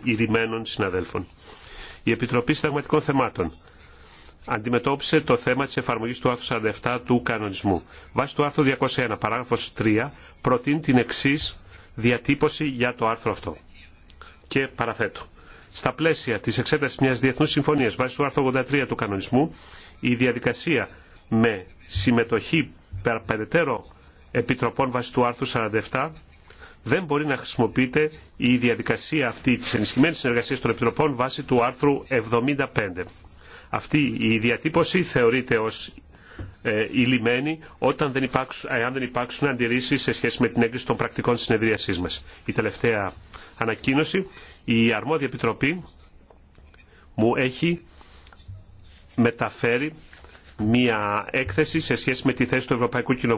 των ηρημένων συναδέλφων. Η Επιτροπή Συνταγματικών Θεμάτων αντιμετώπισε το θέμα της εφαρμογής του άρθρου 47 του κανονισμού. Βάσει του άρθρου 201, παράγραφος 3, προτείνει την εξή διατύπωση για το άρθρο αυτό. Και παραθέτω. Στα πλαίσια της εξέτασης μιας διεθνούς συμφωνίας βάσει του άρθρου 83 του κανονισμού, η διαδικασία με συμμετοχή περαιτέρω επιτροπών βάσει του άρθρου 47 δεν μπορεί να χρησιμοποιείται η διαδικασία αυτή της ενισχυμένη συνεργασία των Επιτροπών βάσει του άρθρου 75. Αυτή η διατύπωση θεωρείται ως ε, ηλυμένη όταν δεν υπάρξουν, εάν δεν υπάρξουν αντιρρήσεις σε σχέση με την έγκριση των πρακτικών συνεδριασή μας. Η τελευταία ανακοίνωση, η αρμόδια επιτροπή μου έχει μεταφέρει μία έκθεση σε σχέση με τη θέση του Ευρωπαϊκού Κοινοβουλίου